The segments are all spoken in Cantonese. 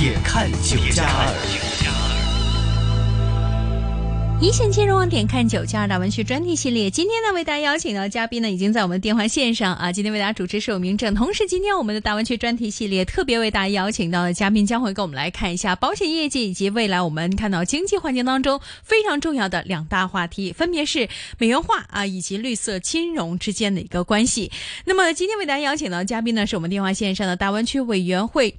點看九加二，一線金融網點看九加二大灣區專題系列。今天呢，為大家邀請到的嘉賓呢，已經在我們的電話線上啊。今天為大家主持是有明正，同時今天我們的大灣區專題系列特別為大家邀請到的嘉賓，將會跟我們來看一下保險業界以及未來我們看到經濟環境當中非常重要的兩大話題，分別是美元化啊以及綠色金融之間的一個關係。那麼今天為大家邀請到的嘉賓呢，是我們電話線上的大灣區委員會。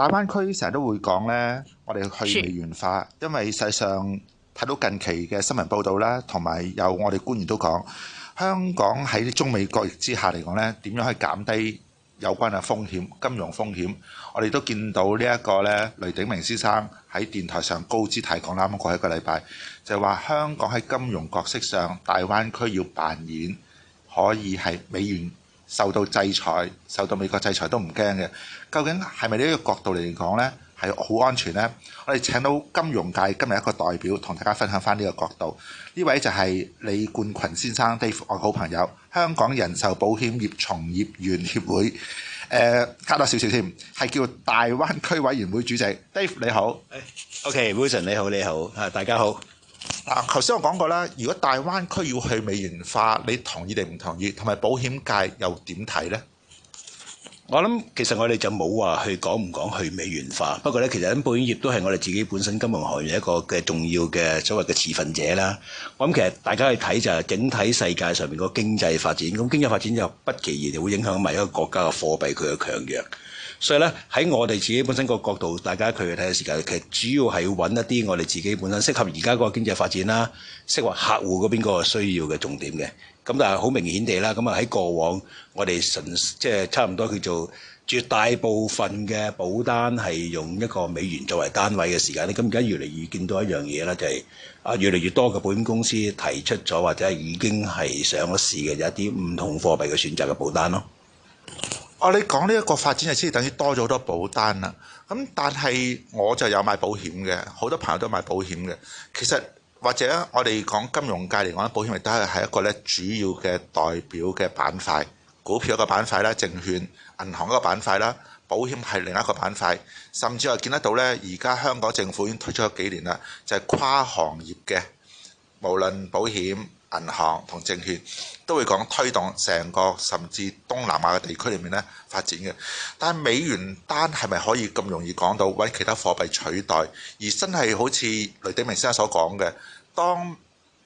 大灣區成日都會講呢，我哋去美元化，因為實際上睇到近期嘅新聞報道啦，同埋有我哋官員都講，香港喺中美國逆之下嚟講呢，點樣可以減低有關嘅風險、金融風險？我哋都見到呢一個呢，雷鼎明先生喺電台上高姿態講，啱啱過一個禮拜就係話香港喺金融角色上，大灣區要扮演可以係美元受到制裁、受到美國制裁都唔驚嘅。究竟係咪呢一個角度嚟講呢，係好安全呢？我哋請到金融界今日一個代表同大家分享返呢個角度。呢位就係李冠群先生，Dave，我好朋友，香港人壽保險業從業員協會。誒，加多少少添，係叫大灣區委員會主席。Dave 你好，誒，OK，Wilson 你好，你好嚇，大家好。嗱，頭先我講過啦，如果大灣區要去美元化，你同意定唔同意？同埋保險界又點睇呢？我諗其實我哋就冇話去講唔講去美元化，不過咧其實喺保險業都係我哋自己本身金融行業一個嘅重要嘅所謂嘅持份者啦。我諗其實大家去睇就係整體世界上面個經濟發展，咁經濟發展就不其然就會影響埋一個國家嘅貨幣佢嘅強弱。所以咧喺我哋自己本身個角度，大家佢去睇下時間，其實主要係要揾一啲我哋自己本身適合而家個經濟發展啦，適合客戶嗰邊個需要嘅重點嘅。咁但係好明顯地啦，咁啊喺過往我哋純即係差唔多叫做絕大部分嘅保單係用一個美元作為單位嘅時間咧，咁而家越嚟越見到一樣嘢啦，就係啊越嚟越多嘅保險公司提出咗或者係已經係上咗市嘅一啲唔同貨幣嘅選擇嘅保單咯。哦，你講呢一個發展係先等於多咗好多保單啦。咁但係我就有買保險嘅，好多朋友都買保險嘅，其實。或者我哋講金融界嚟講，保險亦都係一個咧主要嘅代表嘅板塊，股票一個板塊啦，證券、銀行一個板塊啦，保險係另一個板塊，甚至我見得到咧，而家香港政府已經推出咗幾年啦，就係跨行業嘅，無論保險。銀行同證券都會講推動成個甚至東南亞嘅地區裏面咧，發展嘅，但係美元單係咪可以咁容易講到搵其他貨幣取代？而真係好似雷鼎明先生所講嘅，當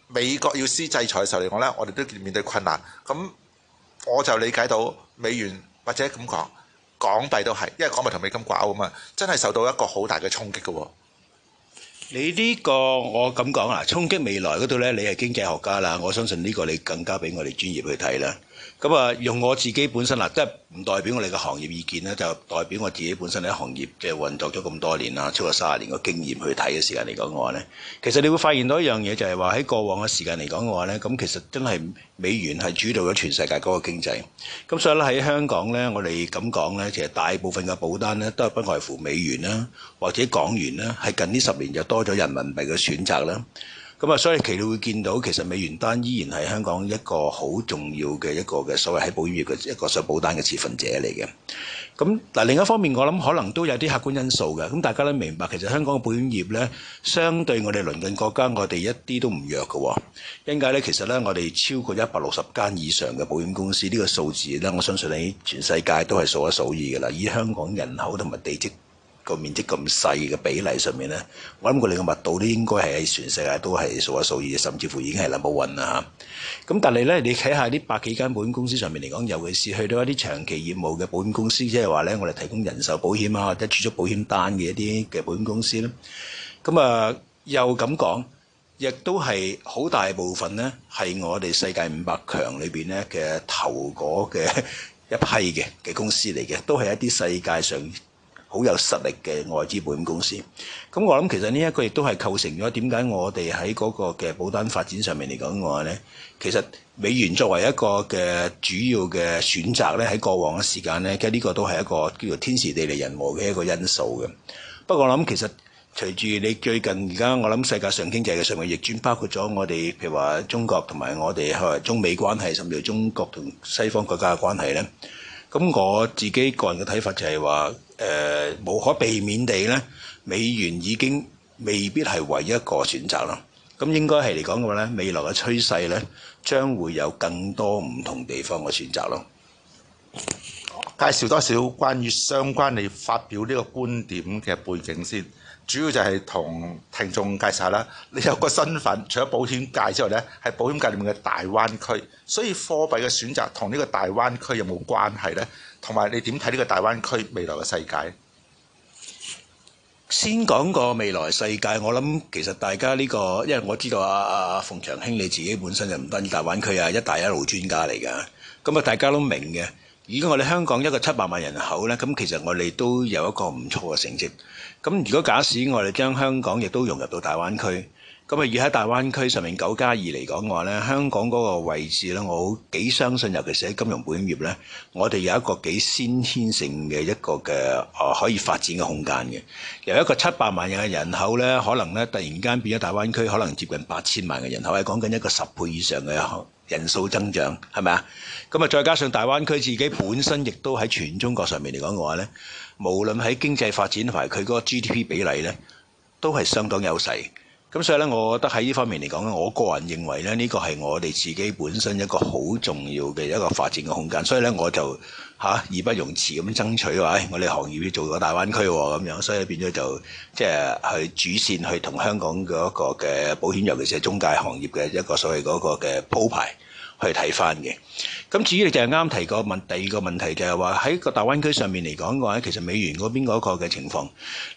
美國要施制裁嘅時候嚟講咧，我哋都面對困難。咁我就理解到美元或者咁講港幣都係，因為港幣同美金掛鈎啊嘛，真係受到一個好大嘅衝擊嘅。你呢個我咁講啊，衝擊未來嗰度咧，你係經濟學家啦，我相信呢個你更加畀我哋專業去睇啦。咁啊，用我自己本身啦，即係唔代表我哋嘅行業意見咧，就代表我自己本身喺行業嘅運作咗咁多年啦，超過卅年嘅經驗去睇嘅時間嚟講嘅話咧，其實你會發現到一樣嘢，就係話喺過往嘅時間嚟講嘅話咧，咁其實真係美元係主導咗全世界嗰個經濟。咁所以咧喺香港咧，我哋咁講咧，其實大部分嘅保單咧都係不外乎美元啦，或者港元啦，喺近呢十年就多咗人民幣嘅選擇啦。咁啊，所以其實會見到其實美元單依然係香港一個好重要嘅一個嘅所謂喺保險業嘅一個壽保單嘅持份者嚟嘅。咁嗱，另一方面我諗可能都有啲客觀因素嘅。咁大家都明白，其實香港嘅保險業咧，相對我哋鄰近國家，我哋一啲都唔弱嘅喎。因解咧，其實咧，我哋超過一百六十間以上嘅保險公司，呢個數字咧，我相信喺全世界都係數一數二㗎啦。以香港人口同埋地積。個面積咁細嘅比例上面咧，我諗過你嘅密度咧應該係喺全世界都係數一數二，甚至乎已經係 number one 啦嚇。咁但係咧，你睇下咧百幾間保險公司上面嚟講，尤其是去到一啲長期業務嘅保險公司，即係話咧我哋提供人壽保險啊或者儲蓄保險單嘅一啲嘅保險公司咧，咁啊又咁講，亦都係好大部分咧係我哋世界五百強裏邊咧嘅頭嗰嘅一批嘅嘅公司嚟嘅，都係一啲世界上。好有實力嘅外資保險公司，咁我諗其實呢一個亦都係構成咗點解我哋喺嗰個嘅保單發展上面嚟講嘅話咧，其實美元作為一個嘅主要嘅選擇咧，喺過往嘅時間咧，其實呢個都係一個叫做天時地利人和嘅一個因素嘅。不過我諗其實隨住你最近而家我諗世界上經濟嘅上嘅逆轉，包括咗我哋譬如話中國同埋我哋係中美關係，甚至乎中國同西方國家嘅關係咧。咁我自己個人嘅睇法就係話。誒無可避免地咧，美元已經未必係唯一一個選擇咯。咁應該係嚟講嘅話咧，未來嘅趨勢咧，將會有更多唔同地方嘅選擇咯。介紹多啲關於相關你發表呢個觀點嘅背景先。主要就係同聽眾介紹啦，你有個身份，除咗保險界之外呢，喺保險界裡面嘅大灣區，所以貨幣嘅選擇同呢個大灣區有冇關係呢？同埋你點睇呢個大灣區未來嘅世界？先講個未來世界，我諗其實大家呢個，因為我知道阿阿阿馮長興你自己本身就唔單止大灣區啊，一帶一路專家嚟㗎，咁啊大家都明嘅。如果我哋香港一個七百萬人口呢，咁其實我哋都有一個唔錯嘅成績。咁如果假使我哋將香港亦都融入到大灣區，咁啊以喺大灣區上面九加二嚟講嘅話呢，香港嗰個位置呢，我幾相信，尤其是喺金融本業呢，我哋有一個幾先天性嘅一個嘅可以發展嘅空間嘅。由一個七百萬人嘅人口呢，可能呢突然間變咗大灣區，可能接近八千萬嘅人口，係講緊一個十倍以上嘅一人數增長係咪啊？咁啊，再加上大灣區自己本身亦都喺全中國上面嚟講嘅話咧，無論喺經濟發展同埋佢個 GDP 比例咧，都係相當優勢。咁所以咧，我覺得喺呢方面嚟講咧，我個人認為咧，呢個係我哋自己本身一個好重要嘅一個發展嘅空間。所以咧，我就吓、啊、義不容辭咁爭取話，我哋行業要做個大灣區咁樣。所以變咗就即係、就是、去主線去同香港嘅一個嘅保險，尤其是中介行業嘅一個所謂嗰個嘅鋪排去睇返嘅。咁至於你就係啱啱提個問，第二個問題就係話喺個大灣區上面嚟講嘅話，其實美元嗰邊嗰個嘅情況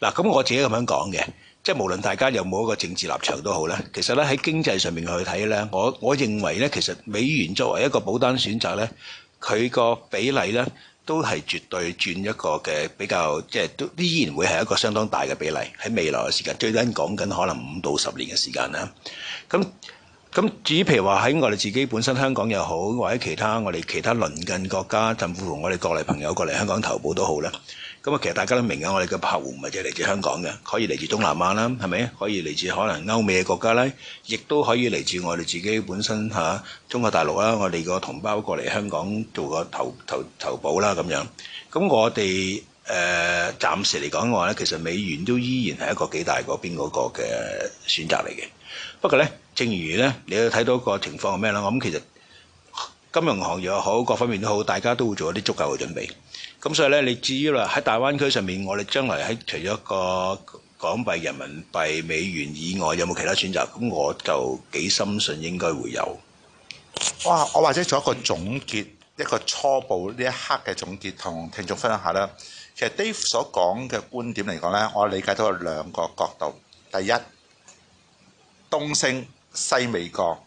嗱，咁我自己咁樣講嘅。即係無論大家有冇一個政治立場都好咧，其實咧喺經濟上面去睇咧，我我認為咧，其實美元作為一個保單選擇咧，佢個比例咧都係絕對轉一個嘅比較，即係都依然會係一個相當大嘅比例喺未來嘅時間，最緊講緊可能五到十年嘅時間啦。咁咁至於譬如話喺我哋自己本身香港又好，或者其他我哋其他鄰近國家，甚至乎我哋國內朋友過嚟香港投保都好咧。咁啊，其實大家都明嘅，我哋嘅客戶唔係淨係嚟自香港嘅，可以嚟自東南亞啦，係咪？可以嚟自可能歐美嘅國家啦，亦都可以嚟自我哋自己本身、啊、中國大陸啦。我哋個同胞過嚟香港做個投投投保啦，咁樣。咁我哋誒、呃、暫時嚟講嘅話咧，其實美元都依然係一個幾大嗰邊嗰個嘅選擇嚟嘅。不過咧，正如咧，你要睇到個情況係咩啦？我諗其實金融行業又好，各方面都好，大家都會做一啲足夠嘅準備。咁所以咧，你至於啦喺大灣區上面，我哋將來喺除咗個港幣、人民幣、美元以外，有冇其他選擇？咁我就幾深信應該會有。哇！我或者做一個總結，一個初步呢一刻嘅總結，同聽眾分享下啦。其實 Dave 所講嘅觀點嚟講咧，我理解到有兩個角度。第一，東升西美國。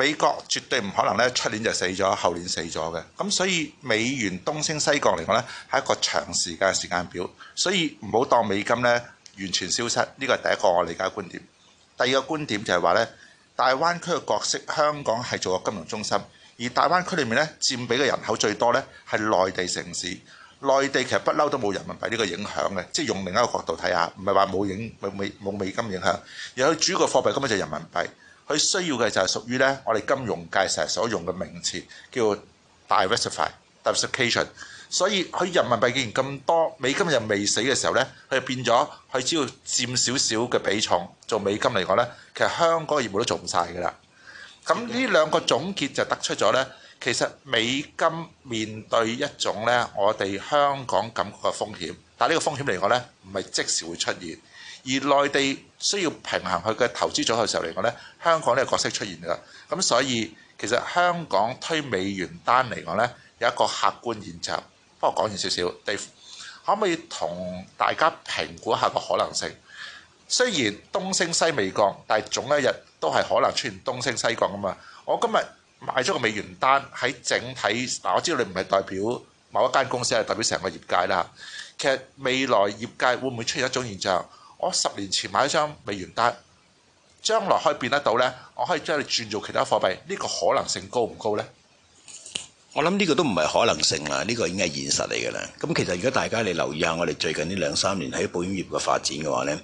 美國絕對唔可能咧，出年就死咗，後年死咗嘅。咁所以美元東升西降嚟講咧，係一個長時間時間表。所以唔好當美金咧完全消失，呢個係第一個我理解嘅觀點。第二個觀點就係話咧，大灣區嘅角色，香港係做個金融中心，而大灣區裏面咧佔比嘅人口最多咧係內地城市。內地其實不嬲都冇人民幣呢個影響嘅，即係用另一個角度睇下，唔係話冇影冇美冇美金影響，而佢主要嘅貨幣根本就係人民幣。佢需要嘅就係屬於咧，我哋金融界成日所用嘅名詞叫 diversify diversification。所以佢人民幣竟然咁多，美金又未死嘅時候咧，佢就變咗佢只要佔少少嘅比重。做美金嚟講咧，其實香港業務都做唔晒㗎啦。咁呢兩個總結就得出咗咧，其實美金面對一種咧，我哋香港感覺嘅風險。但係呢個風險嚟講咧，唔係即時會出現。而內地需要平衡佢嘅投資組合嘅時候嚟講咧，香港呢個角色出現㗎。咁所以其實香港推美元單嚟講咧，有一個客觀現象。不過講完少少，Davey 可唔可以同大家評估一下個可能性？雖然東升西未降，但係總有一日都係可能出現東升西降㗎嘛。我今日買咗個美元單喺整體，嗱我知道你唔係代表某一間公司，係代表成個業界啦。其實未來業界會唔會出現一種現象？我十年前買一張美元單，將來可以變得到呢，我可以將佢轉做其他貨幣，呢個可能性高唔高呢？我諗呢個都唔係可能性啦，呢個已經係現實嚟㗎啦。咁其實如果大家你留意下我哋最近呢兩三年喺保險業嘅發展嘅話呢，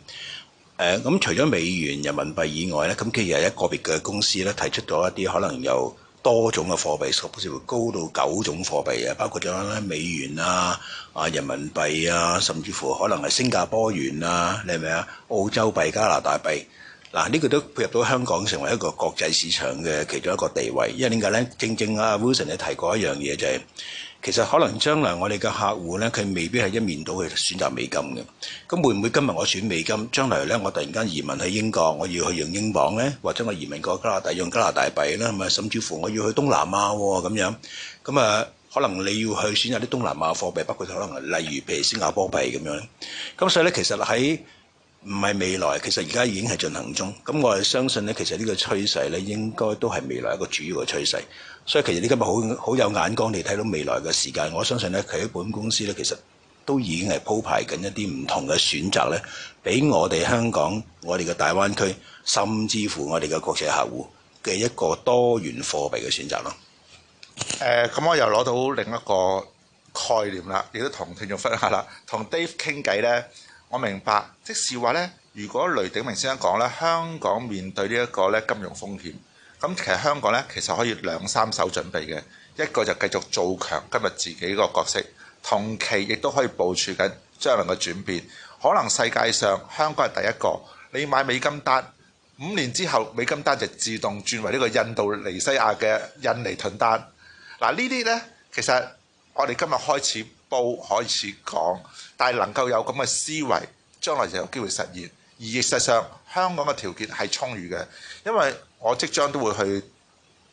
誒咁除咗美元、人民幣以外呢，咁其實有一個別嘅公司呢提出咗一啲可能又多種嘅貨幣，甚至乎高到九種貨幣啊，包括咗美元啊、啊人民幣啊，甚至乎可能係新加坡元啊，你係咪啊？澳洲幣、加拿大幣，嗱呢個都配合到香港成為一個國際市場嘅其中一個地位。因為點解呢？正正阿 Wilson 你提過一樣嘢就係、是。其實可能將來我哋嘅客戶呢，佢未必係一面倒去選擇美金嘅。咁會唔會今日我選美金，將來呢我突然間移民去英國，我要去用英鎊呢，或者我移民過加拿大用加拿大幣啦，係咪？甚至乎我要去東南亞喎咁樣。咁啊，可能你要去選擇啲東南亞貨幣，包括可能例如譬如新加坡幣咁樣。咁所以呢，其實喺唔係未來，其實而家已經係進行中。咁我係相信呢，其實呢個趨勢呢，應該都係未來一個主要嘅趨勢。.所以其實你今日好好有眼光地睇到未來嘅時間，我相信咧，其實本公司咧，其實都已經係鋪排緊一啲唔同嘅選擇咧，俾我哋香港、我哋嘅大灣區，甚至乎我哋嘅國際客戶嘅一個多元貨幣嘅選擇咯。誒，咁我又攞到另一個概念啦，亦都同聽眾分享啦。同 Dave 傾偈咧，我明白，即是話咧，如果雷鼎明先生講咧，香港面對呢一個咧金融風險。咁其實香港咧，其實可以兩三手準備嘅，一個就繼續做強今日自己個角色，同期亦都可以部署緊將來嘅轉變。可能世界上香港係第一個，你買美金單，五年之後美金單就自動轉為呢個印度尼西亞嘅印尼盾單。嗱、啊、呢啲咧，其實我哋今日開始煲開始講，但係能夠有咁嘅思維，將來就有機會實現。而事實上，香港嘅條件係充裕嘅，因為。我即將都會去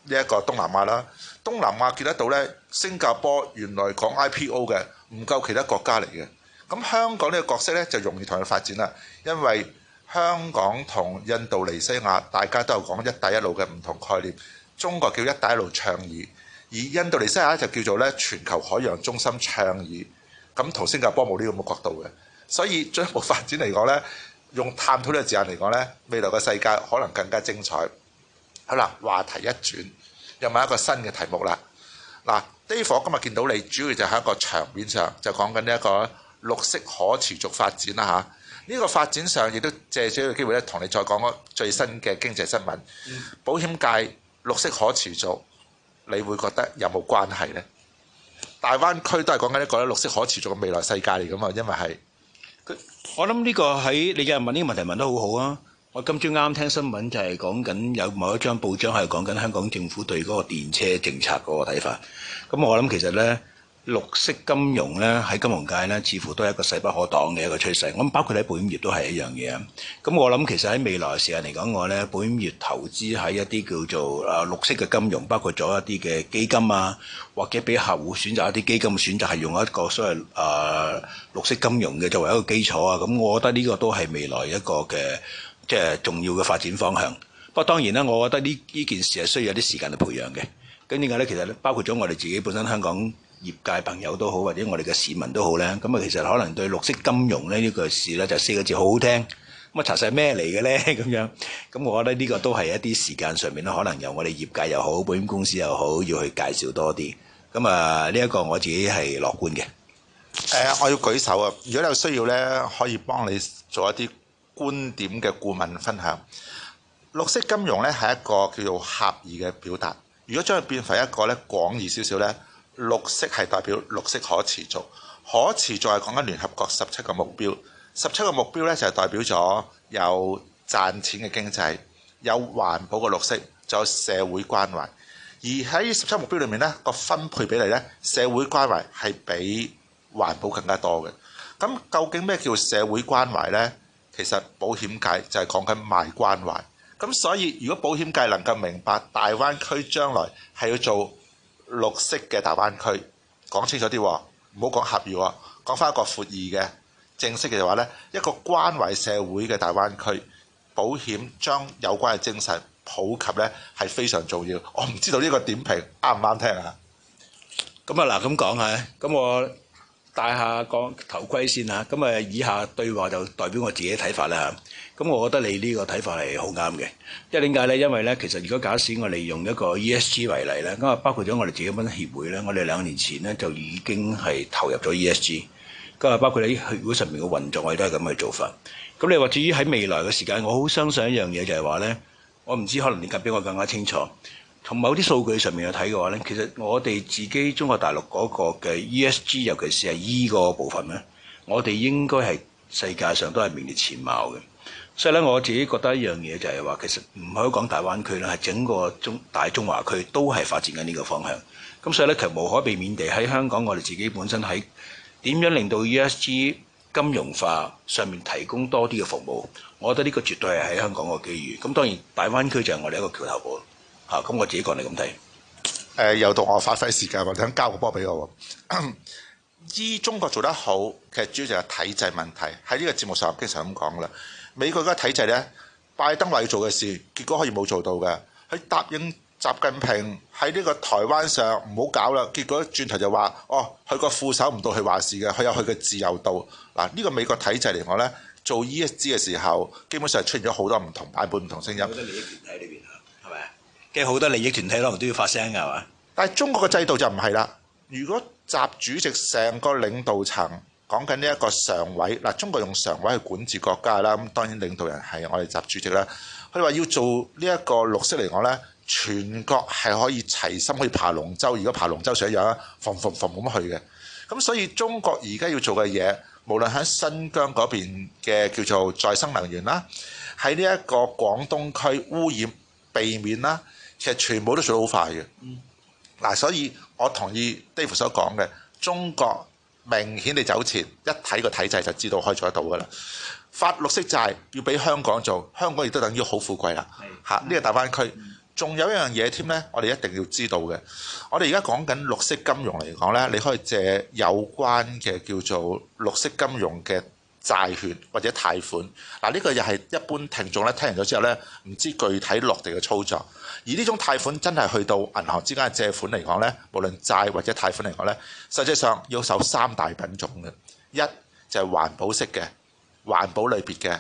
呢一個東南亞啦。東南亞見得到咧，新加坡原來講 IPO 嘅唔夠其他國家嚟嘅。咁香港呢個角色咧就容易同佢發展啦，因為香港同印度尼西亞大家都有講一帶一路嘅唔同概念。中國叫一帶一路倡議，而印度尼西亞就叫做咧全球海洋中心倡議。咁同新加坡冇呢個咁嘅角度嘅，所以進一步發展嚟講咧，用探討呢個字眼嚟講咧，未來嘅世界可能更加精彩。好啦，話題一轉，又問一個新嘅題目啦。嗱，Dave，我今日見到你，主要就喺一個場面上，就講緊呢一個綠色可持續發展啦嚇。呢、啊呢個發展上，亦都借咗個機會咧，同你再講個最新嘅經濟新聞。嗯、保險界綠色可持續，你會覺得有冇關係呢？大灣區都係講緊一個咧，綠色可持續嘅未來世界嚟㗎嘛，因為係，我諗呢個喺你今日問呢個問題問得好好啊。我今朝啱聽新聞，就係講緊有某一張報章係講緊香港政府對嗰個電車政策嗰個睇法。咁我諗其實呢，綠色金融呢喺金融界呢，似乎都係一個勢不可擋嘅一個趨勢。咁我諗包括喺保險業都係一樣嘢。咁我諗其實喺未來嘅時間嚟講，我呢保險業投資喺一啲叫做啊綠色嘅金融，包括咗一啲嘅基金啊，或者俾客戶選擇一啲基金嘅選擇，係用一個所謂啊綠色金融嘅作為一個基礎啊。咁我覺得呢個都係未來一個嘅。即係重要嘅發展方向，不過當然咧，我覺得呢呢件事係需要一啲時間去培養嘅。咁點解咧？其實包括咗我哋自己本身香港業界朋友都好，或者我哋嘅市民都好咧，咁啊，其實可能對綠色金融咧呢個事咧就四個字好好聽。咁啊，查實係咩嚟嘅咧？咁樣，咁我覺得呢個都係一啲時間上面咧，可能由我哋業界又好，保險公司又好，要去介紹多啲。咁啊，呢一個我自己係樂觀嘅。誒，我要舉手啊！如果你有需要咧，可以幫你做一啲。觀點嘅顧問分享，綠色金融咧係一個叫做狹義嘅表達。如果將佢變為一個咧廣義少少咧，綠色係代表綠色可持續，可持續係講緊聯合國十七個目標。十七個目標咧就係代表咗有賺錢嘅經濟，有環保嘅綠色，仲有社會關懷。而喺十七目標裏面咧個分配比例咧，社會關懷係比環保更加多嘅。咁究竟咩叫社會關懷咧？其實保險界就係講緊賣關懷，咁所以如果保險界能夠明白大灣區將來係要做綠色嘅大灣區，講清楚啲喎，唔好講狹義喎，講返一個闊義嘅正式嘅話呢，一個關懷社會嘅大灣區，保險將有關嘅精神普及呢係非常重要。我唔知道呢個點評啱唔啱聽啊？咁啊嗱，咁講下，咁我。戴下個頭盔先嚇，咁以下對話就代表我自己嘅睇法啦。咁我覺得你呢個睇法係好啱嘅，即係點解呢？因為呢，其實如果假使我哋用一個 ESG 為例呢，咁啊包括咗我哋自己咁協會呢，我哋兩年前呢，就已經係投入咗 ESG，咁啊包括喺協會上面嘅運作，我哋都係咁嘅做法。咁你話至於喺未來嘅時間，我好相信一樣嘢就係話呢，我唔知可能你較比我更加清楚。從某啲數據上面去睇嘅話咧，其實我哋自己中國大陸嗰個嘅 E S G，尤其是係 E 個部分咧，我哋應該係世界上都係名列前茅嘅。所以咧，我自己覺得一樣嘢就係話，其實唔可以講大灣區啦，係整個中大中華區都係發展緊呢個方向。咁所以咧，其實無可避免地喺香港，我哋自己本身喺點樣令到 E S G 金融化上面提供多啲嘅服務，我覺得呢個絕對係喺香港個機遇。咁當然大灣區就係我哋一個橋頭堡。咁、啊、我自己過嚟咁睇。誒，又到我發揮時間，或者交個波俾我。依 中國做得好，其實主要就係體制問題。喺呢個節目上經常咁講啦。美國嘅體制咧，拜登話要做嘅事，結果可以冇做到嘅。佢答應習近平喺呢個台灣上唔好搞啦，結果一轉頭就話：哦，佢個副手唔到佢話事嘅，佢有佢嘅自由度。嗱、啊，呢、這個美國體制嚟講咧，做 ESG 嘅時候，基本上出現咗好多唔同版本、唔同聲音。嘅好多利益團體可能都要發聲㗎，係嘛，但係中國嘅制度就唔係啦。如果習主席成個領導層講緊呢一個常委，嗱，中國用常委去管治國家啦，咁當然領導人係我哋習主席啦。佢話要做呢一個綠色嚟講咧，全國係可以齊心去爬龍舟，如果爬龍舟上一樣啦，馴馴咁去嘅。咁所以中國而家要做嘅嘢，無論喺新疆嗰邊嘅叫做再生能源啦，喺呢一個廣東區污染避免啦。其實全部都做得好快嘅嗱，所以我同意 Davey 所講嘅中國明顯地走前，一睇個體制就知道可以做得到噶啦。發綠色債要俾香港做，香港亦都等於好富貴啦。嚇是，呢、呢個大灣區仲、嗯、有一樣嘢添咧，我哋一定要知道嘅。我哋而家講緊綠色金融嚟講咧，你可以借有關嘅叫做綠色金融嘅。債券或者貸款，嗱、這、呢個又係一般聽眾咧聽完咗之後咧，唔知具體落地嘅操作。而呢種貸款真係去到銀行之間嘅借款嚟講咧，無論債或者貸款嚟講咧，實際上要受三大品種嘅，一就係、是、環保式嘅環保類別嘅，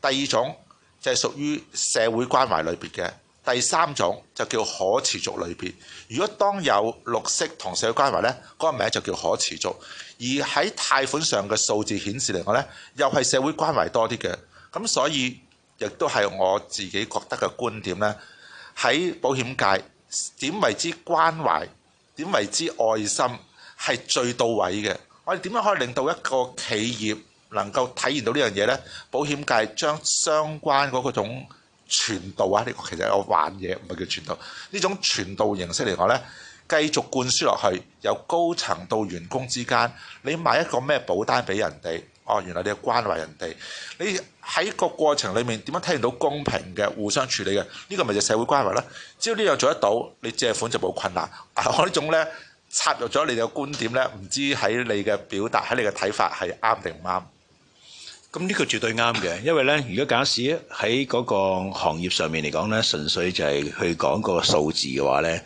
第二種就係屬於社會關懷類別嘅。第三種就叫可持續類別。如果當有綠色同社會關懷呢，嗰個名就叫可持續。而喺貸款上嘅數字顯示嚟講呢又係社會關懷多啲嘅。咁所以亦都係我自己覺得嘅觀點呢，喺保險界點為之關懷，點為之愛心係最到位嘅。我哋點樣可以令到一個企業能夠體現到呢樣嘢呢？保險界將相關嗰個種。傳道啊！呢個其實係我玩嘢，唔係叫傳道。呢種傳道形式嚟講咧，繼續灌輸落去，由高層到員工之間，你買一個咩保單俾人哋，哦，原來你係關懷人哋。你喺個過程裏面點樣睇到公平嘅、互相處理嘅？呢、呢個咪就係社會關懷啦。只要呢樣做得到，你借款就冇困難。我種呢種咧插入咗你嘅觀點咧，唔知喺你嘅表達、喺你嘅睇法係啱定唔啱？咁呢個絕對啱嘅，因為咧，如果假使喺嗰個行業上面嚟講咧，純粹就係去講嗰個數字嘅話咧，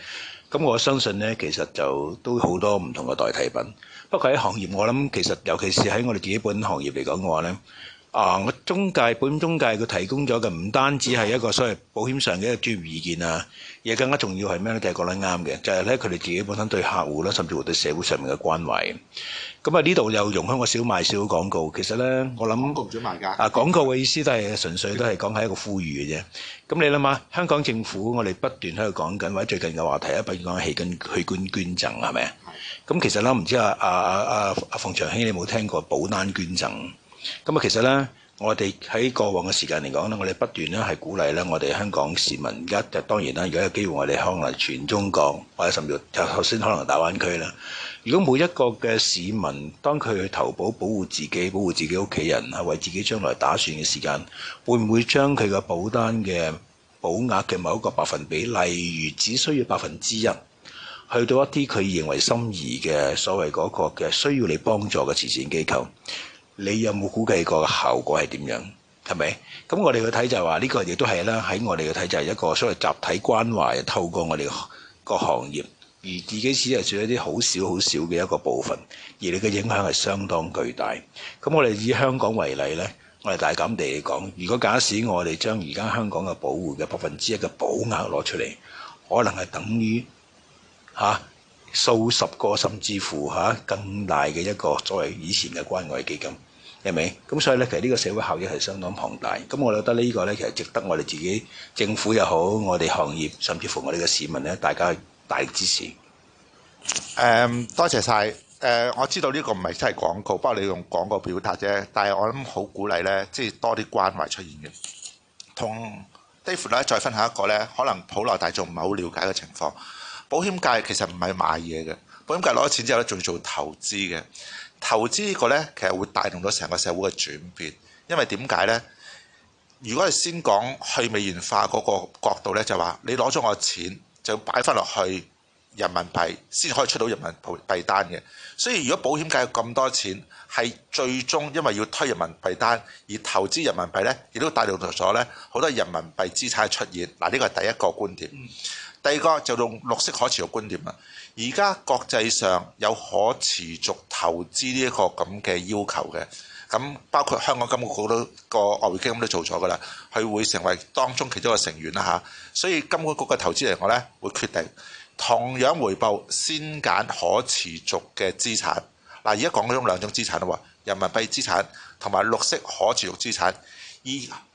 咁我相信咧，其實就都好多唔同嘅代替品。不過喺行業，我諗其實尤其是喺我哋自己本行業嚟講嘅話咧。啊！我中介保險中介佢提供咗嘅唔單止係一個所謂保險上嘅一個專業意見啊，而更加重要係咩咧？就係講得啱嘅，就係咧佢哋自己本身對客戶啦，甚至乎對社會上面嘅關懷。咁啊呢度又容許我少賣少少廣告。其實咧，我諗啊廣告嘅意思都係純粹都係講係一個呼籲嘅啫。咁你諗下，香港政府我哋不斷喺度講緊或者最近嘅話題啊，不斷講器官器官捐贈係咪啊？咁其實咧，唔知阿阿阿阿馮長興你有冇聽過保單捐贈？咁啊，其實咧，我哋喺過往嘅時間嚟講，咧，我哋不斷咧係鼓勵咧，我哋香港市民而家就當然啦。如果有機會，我哋可能全中國或者甚至頭先可能大灣區啦。如果每一個嘅市民當佢去投保保護自己、保護自己屋企人，為自己將來打算嘅時間，會唔會將佢嘅保單嘅保額嘅某一個百分比，例如只需要百分之一，去到一啲佢認為心儀嘅所謂嗰個嘅需要你幫助嘅慈善機構。你有冇估計過個效果係點樣？係咪？咁我哋去睇就係話呢個亦都係啦，喺我哋嘅睇就係一個所謂集體關懷，透過我哋個行業，而自己只係做一啲好少好少嘅一個部分，而你嘅影響係相當巨大。咁我哋以香港為例呢，我哋大膽地講，如果假使我哋將而家香港嘅保戶嘅百分之一嘅保額攞出嚟，可能係等於嚇。哈數十個甚至乎嚇更大嘅一個作為以前嘅關愛基金，係咪？咁所以咧，其實呢個社會效益係相當龐大。咁我覺得這個呢個咧其實值得我哋自己政府又好，我哋行業甚至乎我哋嘅市民咧，大家大力支持。誒、嗯，多謝晒，誒、嗯，我知道呢個唔係真係廣告，不過你要用廣告表達啫。但係我諗好鼓勵咧，即係多啲關懷出現嘅。同 David 再分享一個咧，可能普羅大眾唔係好了解嘅情況。保險界其實唔係買嘢嘅，保險界攞咗錢之後咧，仲要做投資嘅。投資呢個咧，其實會帶動到成個社會嘅轉變。因為點解咧？如果係先講去美元化嗰個角度咧，就話你攞咗我嘅錢，就擺翻落去人民幣先可以出到人民幣單嘅。所以如果保險界有咁多錢，係最終因為要推人民幣單而投資人民幣咧，亦都帶動咗咧好多人民幣資產出現。嗱，呢個係第一個觀點。嗯第二個就用綠色可持續觀點啦。而家國際上有可持續投資呢一個咁嘅要求嘅，咁包括香港金管局都個外匯基金都做咗噶啦，佢會成為當中其中一個成員啦嚇。所以金管局嘅投資嚟講咧，會決定同樣回報先揀可持續嘅資產。嗱，而家講嗰種兩種資產咯，人民幣資產同埋綠色可持續資產。一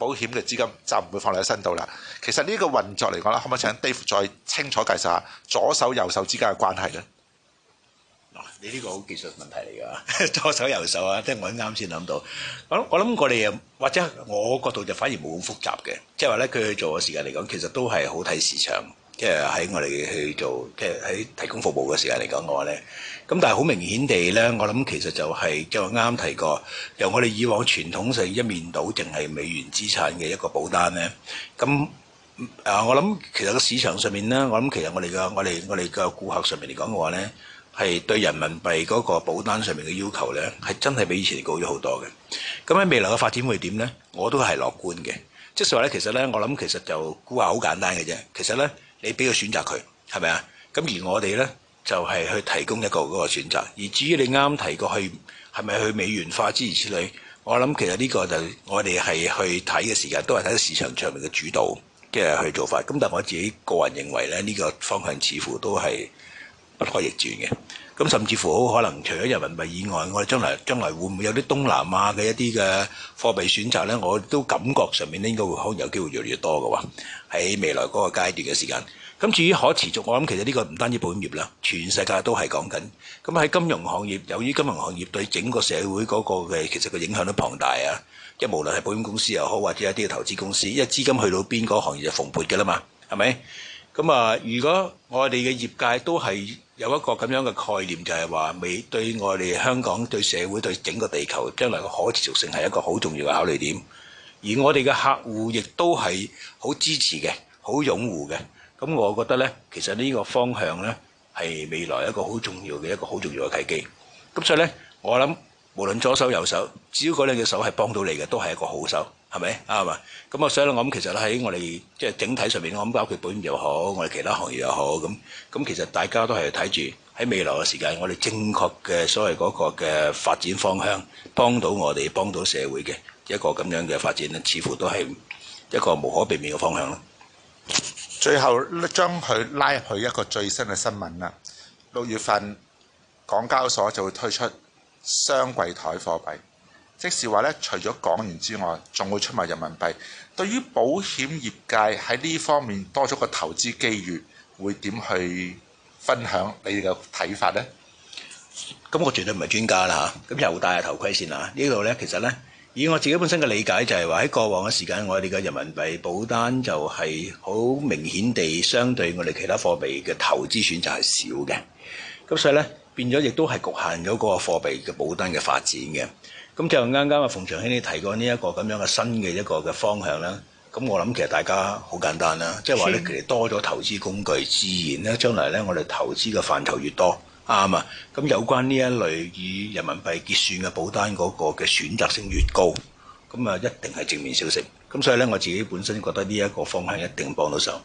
保險嘅資金就唔會放嚟喺身度啦。其實呢個運作嚟講啦，可唔可以請 Dave 再清楚介紹下左手右手之間嘅關係咧？嗱，你呢個好技術問題嚟㗎，左手右手啊，即係我啱先諗到。我我諗我諗過你又或者我，我角度就反而冇咁複雜嘅，即係話咧佢去做嘅時間嚟講，其實都係好睇市場。即係喺我哋去做，即係喺提供服務嘅時間嚟講嘅話咧，咁但係好明顯地咧，我諗其實就係即係啱啱提過，由我哋以往傳統性一面倒，淨係美元資產嘅一個保單咧，咁誒，我諗其實個市場上面咧，我諗其實我哋嘅我哋我哋嘅顧客上面嚟講嘅話咧，係對人民幣嗰個保單上面嘅要求咧，係真係比以前高咗好多嘅。咁喺未來嘅發展會點咧？我都係樂觀嘅，即係話咧，其實咧，我諗其實就估下好簡單嘅啫，其實咧。你俾個選擇佢係咪啊？咁而我哋呢，就係、是、去提供一個嗰個選擇。而至於你啱提過去係咪去美元化之類之類，我諗其實呢個就係、我哋係去睇嘅時間都係睇市場上面嘅主導嘅去做法。咁但我自己個人認為呢，呢個方向似乎都係不可逆轉嘅。咁甚至乎可能除咗人民幣以外，我哋將來將來會唔會有啲東南亞嘅一啲嘅貨幣選擇咧？我都感覺上面咧應該會可能有機會越嚟越多嘅喎。喺未來嗰個階段嘅時間，咁至於可持續，我諗其實呢個唔單止保險業啦，全世界都係講緊。咁喺金融行業，由於金融行業對整個社會嗰個嘅其實個影響都龐大啊，即係無論係保險公司又好，或者一啲投資公司，因為資金去到邊個行業就蓬勃嘅啦嘛，係咪？咁啊，如果我哋嘅業界都係，有一個咁樣嘅概念，就係話未對我哋香港、對社會、對整個地球將來嘅可持續性係一個好重要嘅考慮點。而我哋嘅客戶亦都係好支持嘅、好擁護嘅。咁我覺得呢，其實呢個方向呢，係未來一個好重要嘅一個好重要嘅契機。咁所以呢，我諗無論左手右手，只要嗰兩隻手係幫到你嘅，都係一個好手。係咪啱嘛？咁啊，所以咧，我咁其實咧，喺我哋即係整體上面，我諗包括保險又好，我哋其他行業又好，咁咁其實大家都係睇住喺未來嘅時間，我哋正確嘅所謂嗰個嘅發展方向，幫到我哋，幫到社會嘅一個咁樣嘅發展咧，似乎都係一個無可避免嘅方向咯。最後將佢拉入去一個最新嘅新聞啦，六月份港交所就會推出雙櫃台貨幣。即是話咧，除咗港元之外，仲會出埋人民幣。對於保險業界喺呢方面多咗個投資機遇，會點去分享你哋嘅睇法呢？咁我絕對唔係專家啦嚇，咁又戴下頭盔先啦。呢度呢，其實呢，以我自己本身嘅理解就係話喺過往嘅時間，我哋嘅人民幣保單就係好明顯地相對我哋其他貨幣嘅投資選擇係少嘅。咁所以呢。變咗亦都係局限咗嗰個貨幣嘅保單嘅發展嘅，咁就啱啱啊馮長興你提過呢一個咁樣嘅新嘅一個嘅方向啦，咁我諗其實大家好簡單啦，即係話咧其實多咗投資工具，自然咧將來咧我哋投資嘅範疇越多，啱啊，咁有關呢一類以人民幣結算嘅保單嗰個嘅選擇性越高，咁啊一定係正面消息，咁所以咧我自己本身覺得呢一個方向一定幫到手。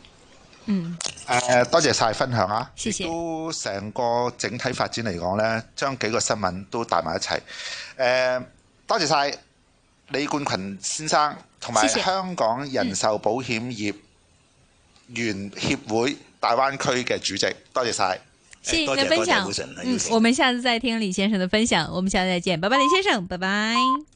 嗯，誒、呃，多謝晒分享啊！是是都成個整體發展嚟講咧，將幾個新聞都帶埋一齊。誒、呃，多謝晒李冠群先生同埋香港人壽保險業員協會大灣區嘅主席，多謝晒。謝謝嘅分享，嗯。我們下次再聽李先生的分享。我們下次再見，拜拜，李先生，拜拜。